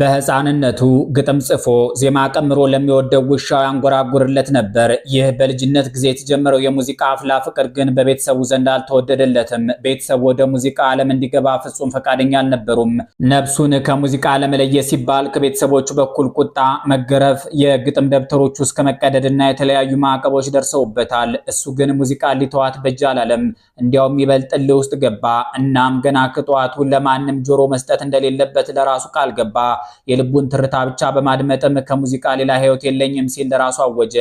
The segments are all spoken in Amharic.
በሕፃንነቱ ግጥም ጽፎ ዜማ ቀምሮ ለሚወደው ውሻው ያንጎራጉርለት ነበር። ይህ በልጅነት ጊዜ የተጀመረው የሙዚቃ አፍላ ፍቅር ግን በቤተሰቡ ዘንድ አልተወደደለትም። ቤተሰቡ ወደ ሙዚቃ ዓለም እንዲገባ ፍጹም ፈቃደኛ አልነበሩም። ነፍሱን ከሙዚቃ ለመለየት ሲባል ከቤተሰቦቹ በኩል ቁጣ፣ መገረፍ፣ የግጥም ደብተሮች እስከ መቀደድና የተለያዩ ማዕቀቦች ደርሰውበታል። እሱ ግን ሙዚቃ ሊተዋት በጃ አላለም። እንዲያውም ይበልጥ እልህ ውስጥ ገባ። እናም ገና ከጠዋቱ ለማንም ጆሮ መስጠት እንደሌለበት ለራሱ ቃል ገባ። የልቡን ትርታ ብቻ በማድመጥም ከሙዚቃ ሌላ ህይወት የለኝም ሲል ለራሱ አወጀ።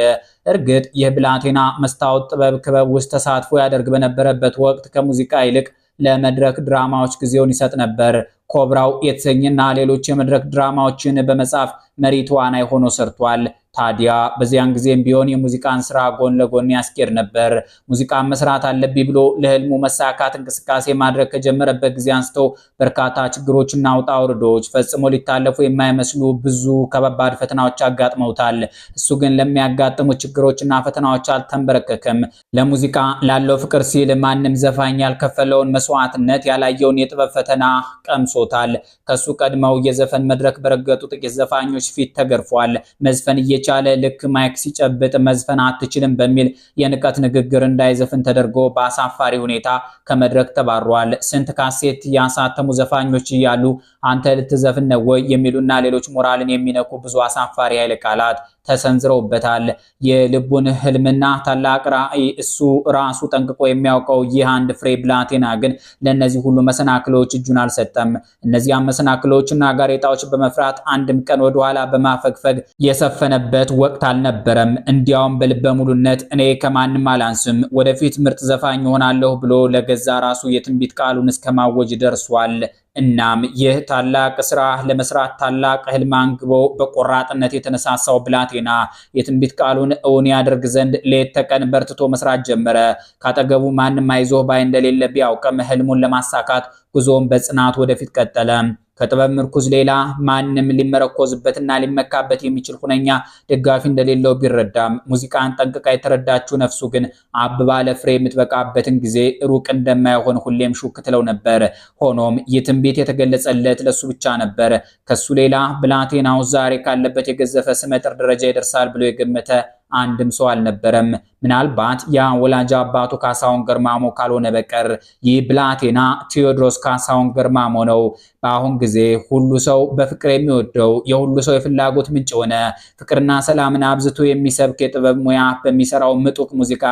እርግጥ ይህ ብላቴና መስታወት ጥበብ ክበብ ውስጥ ተሳትፎ ያደርግ በነበረበት ወቅት ከሙዚቃ ይልቅ ለመድረክ ድራማዎች ጊዜውን ይሰጥ ነበር። ኮብራው የተሰኝና ሌሎች የመድረክ ድራማዎችን በመጻፍ መሪ ተዋናይ ሆኖ ሰርቷል። ታዲያ በዚያን ጊዜም ቢሆን የሙዚቃን ስራ ጎን ለጎን ያስኬድ ነበር። ሙዚቃን መስራት አለብኝ ብሎ ለህልሙ መሳካት እንቅስቃሴ ማድረግ ከጀመረበት ጊዜ አንስቶ በርካታ ችግሮችና ውጣ ውርዶች ፈጽሞ ሊታለፉ የማይመስሉ ብዙ ከባባድ ፈተናዎች አጋጥመውታል። እሱ ግን ለሚያጋጥሙ ችግሮችና ፈተናዎች አልተንበረከከም። ለሙዚቃ ላለው ፍቅር ሲል ማንም ዘፋኝ ያልከፈለውን መስዋዕትነት ያላየውን የጥበብ ፈተና ቀምሶታል። ከሱ ቀድመው የዘፈን መድረክ በረገጡ ጥቂት ዘፋኞች ፊት ተገርፏል። መዝፈን እየ በተቻለ ልክ ማይክ ሲጨብጥ መዝፈን አትችልም በሚል የንቀት ንግግር እንዳይዘፍን ተደርጎ በአሳፋሪ ሁኔታ ከመድረክ ተባሯል። ስንት ካሴት ያሳተሙ ዘፋኞች እያሉ አንተ ልትዘፍን ነው ወይ የሚሉና ሌሎች ሞራልን የሚነኩ ብዙ አሳፋሪ ኃይል ቃላት ተሰንዝረውበታል። የልቡን ህልምና ታላቅ ራዕይ እሱ ራሱ ጠንቅቆ የሚያውቀው ይህ አንድ ፍሬ ብላቴና ግን ለእነዚህ ሁሉ መሰናክሎች እጁን አልሰጠም። እነዚያ መሰናክሎችና ጋሬጣዎች በመፍራት አንድም ቀን ወደኋላ በማፈግፈግ የሰፈነበት ወቅት አልነበረም። እንዲያውም በልበ ሙሉነት እኔ ከማንም አላንስም፣ ወደፊት ምርጥ ዘፋኝ እሆናለሁ ብሎ ለገዛ ራሱ የትንቢት ቃሉን እስከማወጅ ደርሷል። እናም ይህ ታላቅ ስራ ለመስራት ታላቅ ህልም አንግቦ በቆራጥነት የተነሳሳው ብላቴና የትንቢት ቃሉን እውን ያደርግ ዘንድ ሌት ተቀን በርትቶ መስራት ጀመረ። ካጠገቡ ማንም አይዞህ ባይ እንደሌለ ቢያውቅም ህልሙን ለማሳካት ጉዞውን በጽናት ወደፊት ቀጠለ። ከጥበብ ምርኩዝ ሌላ ማንም ሊመረኮዝበትና ሊመካበት የሚችል ሁነኛ ደጋፊ እንደሌለው ቢረዳም ሙዚቃን ጠንቅቃ የተረዳችው ነፍሱ ግን አብባ ለፍሬ የምትበቃበትን ጊዜ ሩቅ እንደማይሆን ሁሌም ሹክ ትለው ነበር። ሆኖም የትንቢት የተገለጸለት ለሱ ብቻ ነበር። ከሱ ሌላ ብላቴናው ዛሬ ካለበት የገዘፈ ስመጥር ደረጃ ይደርሳል ብሎ የገመተ አንድም ሰው አልነበረም። ምናልባት ያ ወላጅ አባቱ ካሳሁን ገርማሞ ካልሆነ በቀር ይህ ብላቴና ቴዎድሮስ ካሳሁን ገርማሞ ነው። በአሁን ጊዜ ሁሉ ሰው በፍቅር የሚወደው የሁሉ ሰው የፍላጎት ምንጭ ሆነ። ፍቅርና ሰላምን አብዝቶ የሚሰብክ የጥበብ ሙያ በሚሰራው ምጡቅ ሙዚቃ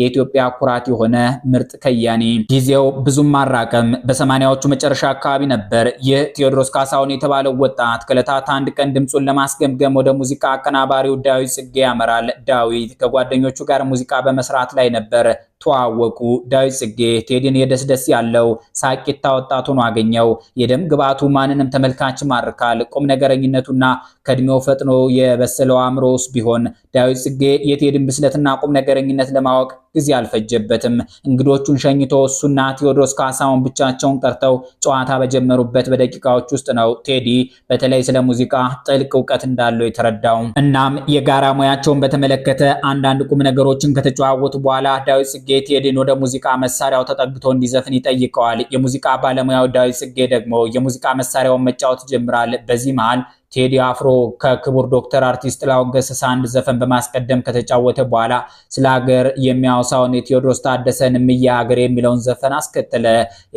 የኢትዮጵያ ኩራት የሆነ ምርጥ ከያኒ። ጊዜው ብዙም አራቀም። በሰማኒያዎቹ መጨረሻ አካባቢ ነበር ይህ ቴዎድሮስ ካሳሁን የተባለው ወጣት ከዕለታት አንድ ቀን ድምፁን ለማስገምገም ወደ ሙዚቃ አቀናባሪው ዳዊት ጽጌ ያመራል። ዳዊት ከጓደኞቹ ጋር ሙዚቃ በመስራት ላይ ነበር። ተዋወቁ። ዳዊት ጽጌ ቴዲን የደስደስ ያለው ሳቂታ ወጣቱን አገኘው። የደም ግባ ግብአቱ ማንንም ተመልካች ማርካል። ቁም ነገረኝነቱና ከእድሜው ፈጥኖ የበሰለው አእምሮስ ቢሆን ዳዊት ጽጌ የቴድን ብስለትና ቁም ነገረኝነት ለማወቅ ጊዜ አልፈጀበትም። እንግዶቹን ሸኝቶ እሱና ቴዎድሮስ ካሳሁን ብቻቸውን ቀርተው ጨዋታ በጀመሩበት በደቂቃዎች ውስጥ ነው ቴዲ በተለይ ስለ ሙዚቃ ጥልቅ እውቀት እንዳለው የተረዳው። እናም የጋራ ሙያቸውን በተመለከተ አንዳንድ ቁም ነገሮችን ከተጨዋወቱ በኋላ ዳዊት ጽጌ ቴዲን ወደ ሙዚቃ መሳሪያው ተጠግቶ እንዲዘፍን ይጠይቀዋል። የሙዚቃ ባለሙያው ዳዊት ጽጌ ደግሞ የሙዚቃ መሳሪያውን መጫወት ጀምራል። በዚህ መሃል ቴዲ አፍሮ ከክቡር ዶክተር አርቲስት ጥላሁን ገሰሰ አንድ ዘፈን በማስቀደም ከተጫወተ በኋላ ስለ ሀገር የሚያወሳውን የቴዎድሮስ ታደሰን እምዬ ሀገር የሚለውን ዘፈን አስከተለ።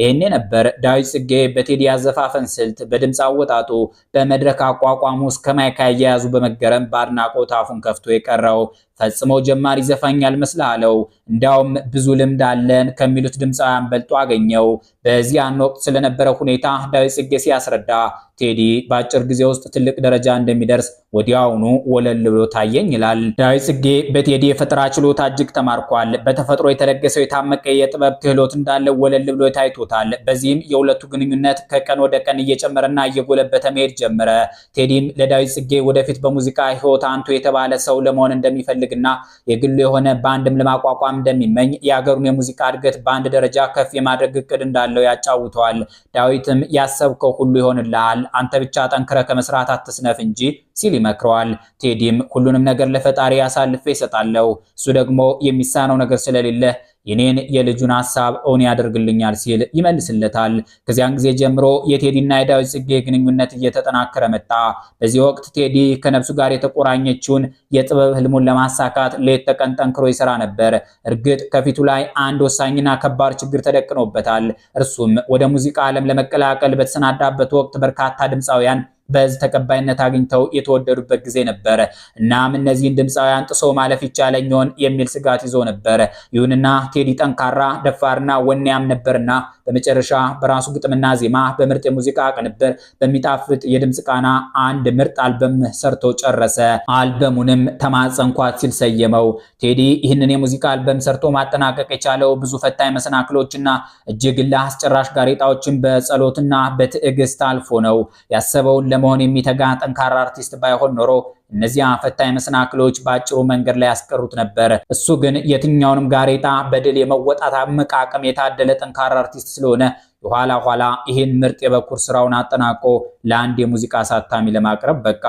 ይህኔ ነበር ዳዊት ጽጌ በቴዲ አዘፋፈን ስልት፣ በድምፅ አወጣጡ፣ በመድረክ አቋቋሙ እስከ ማይክ አያያዙ በመገረም በአድናቆት አፉን ከፍቶ የቀረው። ፈጽሞ ጀማሪ ዘፋኝ አልመስልህ አለው። እንዲያውም ብዙ ልምድ አለን ከሚሉት ድምፃውያን በልጦ አገኘው። በዚያን ወቅት ስለነበረ ሁኔታ ዳዊት ጽጌ ሲያስረዳ ቴዲ በአጭር ጊዜ ውስጥ ትልቅ ደረጃ እንደሚደርስ ወዲያውኑ ወለል ብሎ ታየኝ ይላል። ዳዊት ጽጌ በቴዲ የፈጠራ ችሎታ እጅግ ተማርኳል። በተፈጥሮ የተለገሰው የታመቀ የጥበብ ክህሎት እንዳለ ወለል ብሎ ታይቶታል። በዚህም የሁለቱ ግንኙነት ከቀን ወደ ቀን እየጨመረና እየጎለበተ መሄድ ጀመረ። ቴዲም ለዳዊት ጽጌ ወደፊት በሙዚቃ ህይወት አንቱ የተባለ ሰው ለመሆን እንደሚፈልግ እንዲፈልግና የግሉ የሆነ ባንድም ለማቋቋም እንደሚመኝ የሀገሩን የሙዚቃ እድገት በአንድ ደረጃ ከፍ የማድረግ እቅድ እንዳለው ያጫውተዋል። ዳዊትም ያሰብከው ሁሉ ይሆንልሃል፣ አንተ ብቻ ጠንክረ ከመስራት አትስነፍ እንጂ ሲል ይመክረዋል። ቴዲም ሁሉንም ነገር ለፈጣሪ አሳልፌ ይሰጣለው እሱ ደግሞ የሚሳነው ነገር ስለሌለ የኔን የልጁን ሀሳብ እውን ያደርግልኛል ሲል ይመልስለታል። ከዚያን ጊዜ ጀምሮ የቴዲና የዳዊት ጽጌ ግንኙነት እየተጠናከረ መጣ። በዚህ ወቅት ቴዲ ከነብሱ ጋር የተቆራኘችውን የጥበብ ህልሙን ለማሳካት ሌት ተቀን ጠንክሮ ይሰራ ነበር። እርግጥ ከፊቱ ላይ አንድ ወሳኝና ከባድ ችግር ተደቅኖበታል። እርሱም ወደ ሙዚቃ ዓለም ለመቀላቀል በተሰናዳበት ወቅት በርካታ ድምፃውያን በህዝብ ተቀባይነት አግኝተው የተወደዱበት ጊዜ ነበረ። እናም እነዚህን ድምፃውያን ጥሶ ማለፍ ይቻለኝ ይሆን የሚል ስጋት ይዞ ነበረ። ይሁንና ቴዲ ጠንካራ ደፋርና ወኔያም ነበርና በመጨረሻ በራሱ ግጥምና ዜማ በምርጥ የሙዚቃ ቅንብር በሚጣፍጥ የድምፅ ቃና አንድ ምርጥ አልበም ሰርቶ ጨረሰ። አልበሙንም ተማጸንኳት ሲል ሰየመው። ቴዲ ይህንን የሙዚቃ አልበም ሰርቶ ማጠናቀቅ የቻለው ብዙ ፈታኝ መሰናክሎችና እጅግ አስጨራሽ ጋሬጣዎችን በጸሎትና በትዕግስት አልፎ ነው። ያሰበውን ለመሆን የሚተጋ ጠንካራ አርቲስት ባይሆን ኖሮ እነዚያ ፈታኝ መሰናክሎች በአጭሩ መንገድ ላይ ያስቀሩት ነበር። እሱ ግን የትኛውንም ጋሬጣ በድል የመወጣት አመቃቀም የታደለ ጠንካራ አርቲስት ስለሆነ የኋላ ኋላ ይህን ምርጥ የበኩር ስራውን አጠናቆ ለአንድ የሙዚቃ አሳታሚ ለማቅረብ በቃ።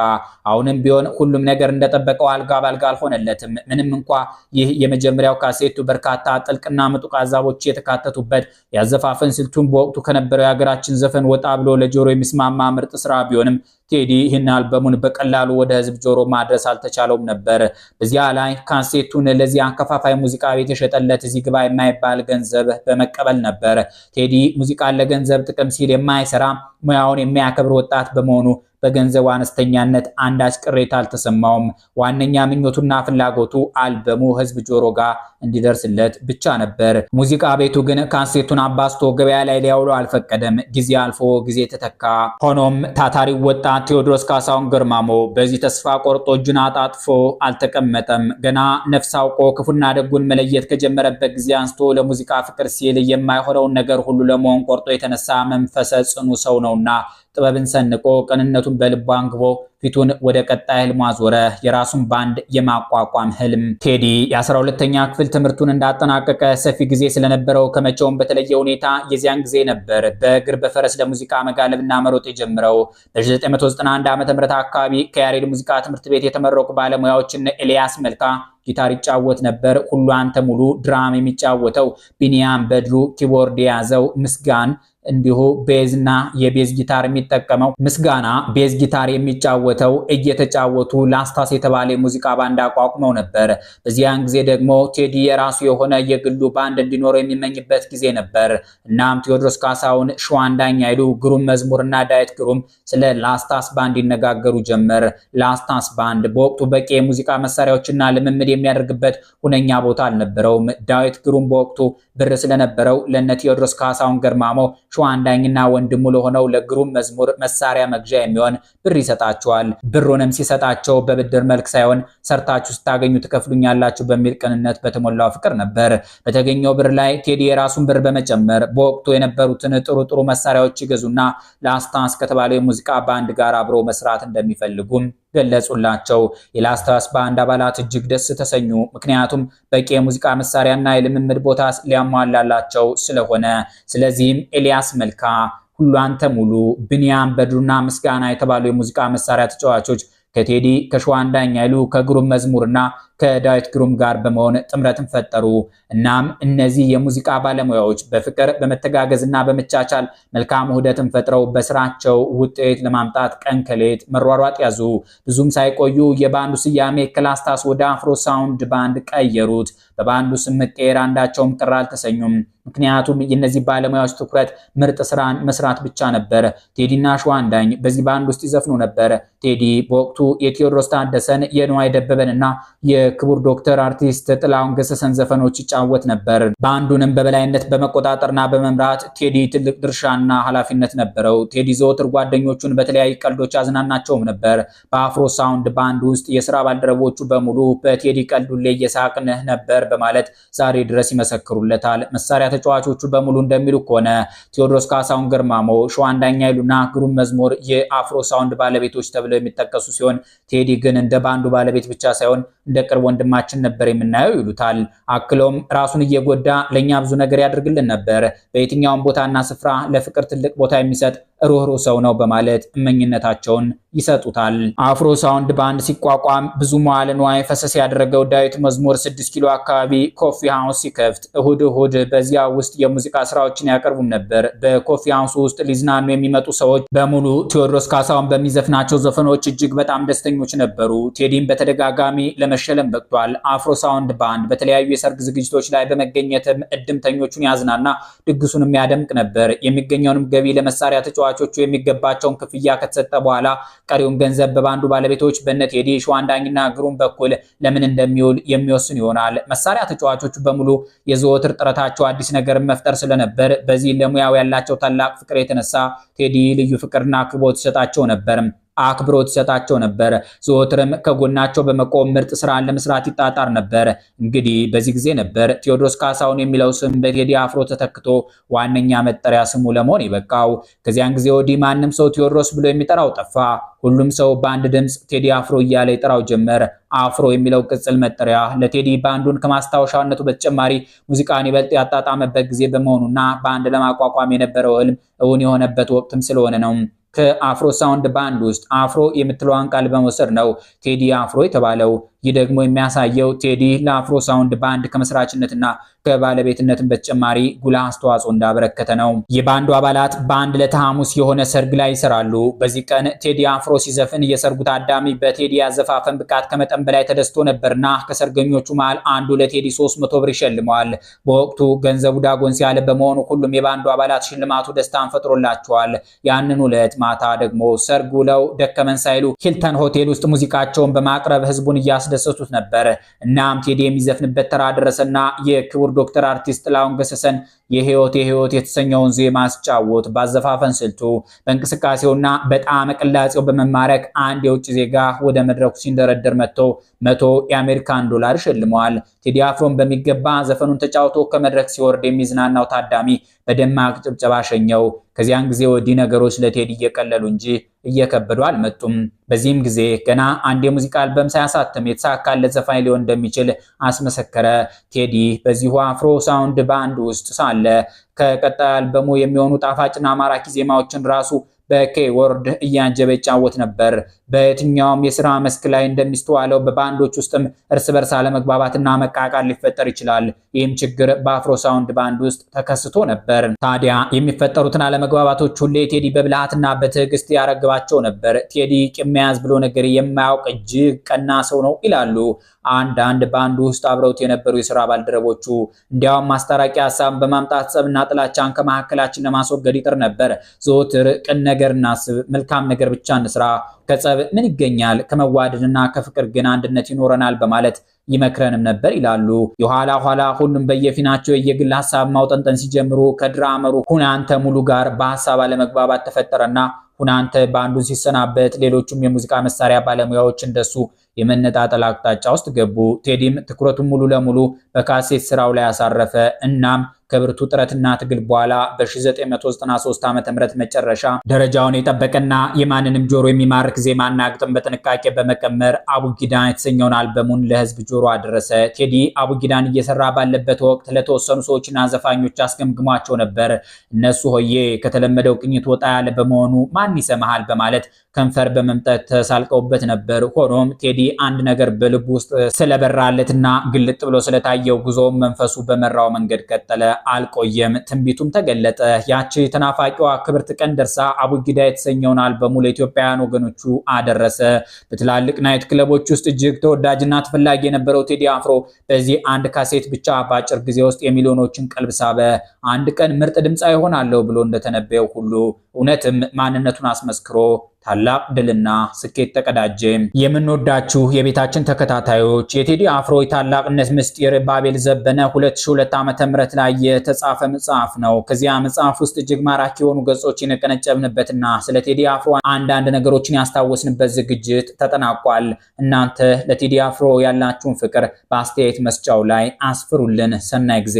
አሁንም ቢሆን ሁሉም ነገር እንደጠበቀው አልጋ ባልጋ አልሆነለትም። ምንም እንኳ ይህ የመጀመሪያው ካሴቱ በርካታ ጥልቅና ምጡቅ አዛቦች የተካተቱበት የአዘፋፈን ስልቱን በወቅቱ ከነበረው የሀገራችን ዘፈን ወጣ ብሎ ለጆሮ የሚስማማ ምርጥ ስራ ቢሆንም ቴዲ ይህን አልበሙን በቀላሉ ወደ ህዝብ ጆሮ ማድረስ አልተቻለውም ነበር። በዚያ ላይ ካንሴቱን ለዚህ አከፋፋይ ሙዚቃ ቤት የሸጠለት እዚህ ግባ የማይባል ገንዘብ በመቀበል ነበር። ቴዲ ሙዚቃን ለገንዘብ ጥቅም ሲል የማይሰራ ሙያውን የሚያከብር ወጣት በመሆኑ በገንዘቡ አነስተኛነት አንዳች ቅሬታ አልተሰማውም። ዋነኛ ምኞቱና ፍላጎቱ አልበሙ ህዝብ ጆሮ ጋር እንዲደርስለት ብቻ ነበር። ሙዚቃ ቤቱ ግን ካሴቱን አባስቶ ገበያ ላይ ሊያውሎ አልፈቀደም። ጊዜ አልፎ ጊዜ ተተካ። ሆኖም ታታሪው ወጣት ቴዎድሮስ ካሳሁን ገርማሞ በዚህ ተስፋ ቆርጦ እጁን አጣጥፎ አልተቀመጠም። ገና ነፍስ አውቆ ክፉና ደጉን መለየት ከጀመረበት ጊዜ አንስቶ ለሙዚቃ ፍቅር ሲል የማይሆነውን ነገር ሁሉ ለመሆን ቆርጦ የተነሳ መንፈሰ ጽኑ ሰው ነውና ጥበብን ሰንቆ ቅንነቱ እምነቱን በልቧ አንግቦ ፊቱን ወደ ቀጣይ ህልሙ አዞረ። የራሱን ባንድ የማቋቋም ህልም። ቴዲ የ12ተኛ ክፍል ትምህርቱን እንዳጠናቀቀ ሰፊ ጊዜ ስለነበረው ከመቼውም በተለየ ሁኔታ የዚያን ጊዜ ነበር በእግር በፈረስ ለሙዚቃ መጋለብና መሮጥ የጀምረው። በ1991 ም አካባቢ ከያሬድ ሙዚቃ ትምህርት ቤት የተመረቁ ባለሙያዎችን ኤልያስ መልካ ጊታር ይጫወት ነበር። ሁሉ አንተ ሙሉ ድራም የሚጫወተው ቢኒያም በድሉ ኪቦርድ የያዘው ምስጋን እንዲሁ ቤዝና የቤዝ ጊታር የሚጠቀመው ምስጋና ቤዝ ጊታር የሚጫወት ገብተው እየተጫወቱ ላስታስ የተባለ የሙዚቃ ባንድ አቋቁመው ነበር። በዚያን ጊዜ ደግሞ ቴዲ የራሱ የሆነ የግሉ ባንድ እንዲኖረው የሚመኝበት ጊዜ ነበር። እናም ቴዎድሮስ ካሳሁን፣ ሸዋንዳኝ አይሉ፣ ግሩም መዝሙርና ዳዊት ግሩም ስለ ላስታስ ባንድ ይነጋገሩ ጀመር። ላስታስ ባንድ በወቅቱ በቂ የሙዚቃ መሳሪያዎችና ልምምድ የሚያደርግበት ሁነኛ ቦታ አልነበረውም። ዳዊት ግሩም በወቅቱ ብር ስለነበረው ለነ ቴዎድሮስ ካሳሁን ገርማሞ፣ ሸዋንዳኝና ወንድሙ ለሆነው ለግሩም መዝሙር መሳሪያ መግዣ የሚሆን ብር ይሰጣቸዋል። አድርጓል። ብሩንም ሲሰጣቸው በብድር መልክ ሳይሆን ሰርታችሁ ስታገኙ ትከፍሉኛላችሁ በሚል ቅንነት በተሞላው ፍቅር ነበር። በተገኘው ብር ላይ ቴዲ የራሱን ብር በመጨመር በወቅቱ የነበሩትን ጥሩ ጥሩ መሳሪያዎች ይገዙና ላስታንስ ከተባለው የሙዚቃ ባንድ ጋር አብሮ መስራት እንደሚፈልጉም ገለጹላቸው። የላስታስ ባንድ አባላት እጅግ ደስ ተሰኙ። ምክንያቱም በቂ የሙዚቃ መሳሪያና የልምምድ ቦታ ሊያሟላላቸው ስለሆነ። ስለዚህም ኤልያስ መልካ ሁሉ አንተ ሙሉ፣ ብንያም በድሩና ምስጋና የተባሉ የሙዚቃ መሳሪያ ተጫዋቾች ከቴዲ ከሸዋንዳኝ አይሉ ከግሩም መዝሙርና ከዳዊት ግሩም ጋር በመሆን ጥምረትን ፈጠሩ። እናም እነዚህ የሙዚቃ ባለሙያዎች በፍቅር በመተጋገዝ እና በመቻቻል መልካም ውህደትን ፈጥረው በስራቸው ውጤት ለማምጣት ቀን ከሌት መሯሯጥ ያዙ። ብዙም ሳይቆዩ የባንዱ ስያሜ ክላስታስ ወደ አፍሮ ሳውንድ ባንድ ቀየሩት። በባንዱ ስም መቀየር አንዳቸውም ቅር አልተሰኙም። ምክንያቱም የእነዚህ ባለሙያዎች ትኩረት ምርጥ ስራን መስራት ብቻ ነበር። ቴዲና ሸዋንዳኝ በዚህ ባንድ ውስጥ ይዘፍኑ ነበር። ቴዲ በወቅቱ የቴዎድሮስ ታደሰን የንዋይ ደበበንና የክቡር ዶክተር አርቲስት ጥላሁን ገሰሰን ዘፈኖች ይጫወት ነበር። በአንዱንም በበላይነት በመቆጣጠርና በመምራት ቴዲ ትልቅ ድርሻና ኃላፊነት ነበረው። ቴዲ ዘወትር ጓደኞቹን በተለያዩ ቀልዶች አዝናናቸውም ነበር። በአፍሮ ሳውንድ ባንድ ውስጥ የስራ ባልደረቦቹ በሙሉ በቴዲ ቀልዱሌ እየሳቅንህ ነበር በማለት ዛሬ ድረስ ይመሰክሩለታል። መሳሪያ ተጫዋቾቹ በሙሉ እንደሚሉ ከሆነ ቴዎድሮስ ካሳሁን ገርማሞ፣ ሸዋንዳኛ ዳኛ ይሉና ግሩም መዝሙር የአፍሮ ሳውንድ ባለቤቶች ተብለው የሚጠቀሱ ሲሆን ቴዲ ግን እንደ ባንዱ ባለቤት ብቻ ሳይሆን እንደ የቅርብ ወንድማችን ነበር የምናየው ይሉታል። አክሎም ራሱን እየጎዳ ለእኛ ብዙ ነገር ያደርግልን ነበር። በየትኛውም ቦታና ስፍራ ለፍቅር ትልቅ ቦታ የሚሰጥ ሮሮ ሰው ነው በማለት እመኝነታቸውን ይሰጡታል። አፍሮ ሳውንድ ባንድ ሲቋቋም ብዙ መዋለ ንዋይ ፈሰስ ያደረገው ዳዊት መዝሙር 6 ኪሎ አካባቢ ኮፊ ሃውስ ሲከፍት እሁድ እሁድ በዚያ ውስጥ የሙዚቃ ስራዎችን ያቀርቡም ነበር። በኮፊ ሃውስ ውስጥ ሊዝናኑ የሚመጡ ሰዎች በሙሉ ቴዎድሮስ ካሳሁን በሚዘፍናቸው ዘፈኖች እጅግ በጣም ደስተኞች ነበሩ። ቴዲም በተደጋጋሚ ለመሸለም በቅቷል። አፍሮ ሳውንድ ባንድ በተለያዩ የሰርግ ዝግጅቶች ላይ በመገኘትም እድምተኞቹን ያዝናና ድግሱንም ያደምቅ ነበር። የሚገኘውንም ገቢ ለመሳሪያ ተጫዋች ተጫዋቾቹ የሚገባቸውን ክፍያ ከተሰጠ በኋላ ቀሪውን ገንዘብ በባንዱ ባለቤቶች በነ ቴዲ ሸዋንዳኝና ግሩም በኩል ለምን እንደሚውል የሚወስን ይሆናል። መሳሪያ ተጫዋቾቹ በሙሉ የዘወትር ጥረታቸው አዲስ ነገር መፍጠር ስለነበር በዚህ ለሙያው ያላቸው ታላቅ ፍቅር የተነሳ ቴዲ ልዩ ፍቅርና ክቦት ይሰጣቸው ነበር። አክብሮት ይሰጣቸው ነበር። ዘወትርም ከጎናቸው በመቆም ምርጥ ስራን ለመስራት ይጣጣር ነበር። እንግዲህ በዚህ ጊዜ ነበር ቴዎድሮስ ካሳሁን የሚለው ስም በቴዲ አፍሮ ተተክቶ ዋነኛ መጠሪያ ስሙ ለመሆን የበቃው። ከዚያን ጊዜ ወዲህ ማንም ሰው ቴዎድሮስ ብሎ የሚጠራው ጠፋ። ሁሉም ሰው በአንድ ድምፅ ቴዲ አፍሮ እያለ ይጠራው ጀመር። አፍሮ የሚለው ቅጽል መጠሪያ ለቴዲ ባንዱን ከማስታወሻነቱ በተጨማሪ ሙዚቃን ይበልጥ ያጣጣመበት ጊዜ በመሆኑና በአንድ ለማቋቋም የነበረው ህልም እውን የሆነበት ወቅትም ስለሆነ ነው። ከአፍሮ ሳውንድ ባንድ ውስጥ አፍሮ የምትለዋን ቃል በመውሰድ ነው ቴዲ አፍሮ የተባለው ይህ ደግሞ የሚያሳየው ቴዲ ለአፍሮ ሳውንድ ባንድ ከመስራችነትና ከባለቤትነትን በተጨማሪ ጉልህ አስተዋጽኦ እንዳበረከተ ነው። የባንዱ አባላት በአንድ ዕለተ ሐሙስ የሆነ ሰርግ ላይ ይሰራሉ። በዚህ ቀን ቴዲ አፍሮ ሲዘፍን የሰርጉ ታዳሚ በቴዲ ያዘፋፈን ብቃት ከመጠን በላይ ተደስቶ ነበርና ከሰርገኞቹ መሃል አንዱ ለቴዲ 300 ብር ይሸልመዋል። በወቅቱ ገንዘቡ ዳጎን ሲያለ በመሆኑ ሁሉም የባንዱ አባላት ሽልማቱ ደስታን ፈጥሮላቸዋል። ያንን ዕለት ማታ ደግሞ ሰርግ ውለው ደከመን ሳይሉ ሂልተን ሆቴል ውስጥ ሙዚቃቸውን በማቅረብ ህዝቡን እያስደ ያስደሰቱት ነበር። እናም ቴዲ የሚዘፍንበት ተራ ደረሰና የክቡር ዶክተር አርቲስት ጥላሁን ገሰሰን የህይወት የህይወት የተሰኘውን ዜማ ሲጫወት ባዘፋፈን ስልቱ፣ በእንቅስቃሴውና በጣም ቅላጼው በመማረክ አንድ የውጭ ዜጋ ወደ መድረኩ ሲንደረደር መጥቶ መቶ የአሜሪካን ዶላር ሸልመዋል። ቴዲ አፍሮን በሚገባ ዘፈኑን ተጫውቶ ከመድረክ ሲወርድ የሚዝናናው ታዳሚ በደማቅ ጭብጨባ ሸኘው። ከዚያን ጊዜ ወዲህ ነገሮች ለቴዲ እየቀለሉ እንጂ እየከበዱ አልመጡም። በዚህም ጊዜ ገና አንድ የሙዚቃ አልበም ሳያሳትም የተሳካለት ዘፋኝ ሊሆን እንደሚችል አስመሰከረ። ቴዲ በዚሁ አፍሮ ሳውንድ ባንድ ውስጥ ሳለ ከቀጣይ አልበሙ የሚሆኑ ጣፋጭና ማራኪ ዜማዎችን ራሱ በኬ ወርድ እያጀበ ይጫወት ነበር። በየትኛውም የስራ መስክ ላይ እንደሚስተዋለው በባንዶች ውስጥም እርስ በርስ አለመግባባትና መቃቃር ሊፈጠር ይችላል። ይህም ችግር በአፍሮ ሳውንድ ባንድ ውስጥ ተከስቶ ነበር። ታዲያ የሚፈጠሩትን አለመግባባቶች ሁሌ ቴዲ በብልሃትና በትዕግስት ያረግባቸው ነበር። ቴዲ ቂም መያዝ ብሎ ነገር የማያውቅ እጅግ ቀና ሰው ነው ይላሉ። አንድ አንድ በአንድ ውስጥ አብረውት የነበሩ የስራ ባልደረቦቹ እንዲያውም ማስታረቂያ ሀሳብን በማምጣት ጸብና ጥላቻን ከመካከላችን ለማስወገድ ይጥር ነበር። ዘወትር ቅን ነገር እናስብ፣ መልካም ነገር ብቻ እንስራ፣ ከጸብ ምን ይገኛል? ከመዋደድና ከፍቅር ግን አንድነት ይኖረናል በማለት ይመክረንም ነበር ይላሉ። የኋላ ኋላ ሁሉም በየፊናቸው የየግል ሀሳብ ማውጠንጠን ሲጀምሩ ከድራ ከድራመሩ ሁናንተ ሙሉ ጋር በሀሳብ አለመግባባት ተፈጠረና ሁናንተ በአንዱን ሲሰናበት ሌሎቹም የሙዚቃ መሳሪያ ባለሙያዎች እንደሱ የመነጣጠል አቅጣጫ ውስጥ ገቡ። ቴዲም ትኩረቱን ሙሉ ለሙሉ በካሴት ስራው ላይ ያሳረፈ እናም ከብርቱ ጥረትና ትግል በኋላ በ1993 ዓ ም መጨረሻ ደረጃውን የጠበቀና የማንንም ጆሮ የሚማርክ ዜማና ግጥም በጥንቃቄ በመቀመር አቡጊዳን የተሰኘውን አልበሙን ለህዝብ ጆሮ አደረሰ። ቴዲ አቡጊዳን እየሰራ ባለበት ወቅት ለተወሰኑ ሰዎችና ዘፋኞች አስገምግሟቸው ነበር። እነሱ ሆዬ ከተለመደው ቅኝት ወጣ ያለ በመሆኑ ማን ይሰማሃል በማለት ከንፈር በመምጠት ተሳልቀውበት ነበር። ሆኖም ቴዲ አንድ ነገር በልብ ውስጥ ስለበራለትና ግልጥ ብሎ ስለታየው ጉዞ መንፈሱ በመራው መንገድ ቀጠለ። አልቆየም፣ ትንቢቱም ተገለጠ። ያቺ ተናፋቂዋ ክብርት ቀን ደርሳ አቡጊዳ የተሰኘውን አልበሙ ለኢትዮጵያውያን ወገኖቹ አደረሰ። በትላልቅ ናይት ክለቦች ውስጥ እጅግ ተወዳጅና ተፈላጊ የነበረው ቴዲ አፍሮ በዚህ አንድ ካሴት ብቻ በአጭር ጊዜ ውስጥ የሚሊዮኖችን ቀልብ ሳበ። አንድ ቀን ምርጥ ድምፃ ይሆናለሁ ብሎ እንደተነበየው ሁሉ እውነትም ማንነቱን አስመስክሮ ታላቅ ድልና ስኬት ተቀዳጀ። የምንወዳችሁ የቤታችን ተከታታዮች የቴዲ አፍሮ የታላቅነት ምስጢር ባቤል ዘበነ 2002 ዓ.ም ላይ የተጻፈ መጽሐፍ ነው። ከዚያ መጽሐፍ ውስጥ እጅግ ማራኪ የሆኑ ገጾችን የነቀነጨብንበትና ስለ ቴዲ አፍሮ አንዳንድ ነገሮችን ያስታወስንበት ዝግጅት ተጠናቋል። እናንተ ለቴዲ አፍሮ ያላችሁን ፍቅር በአስተያየት መስጫው ላይ አስፍሩልን። ሰናይ ጊዜ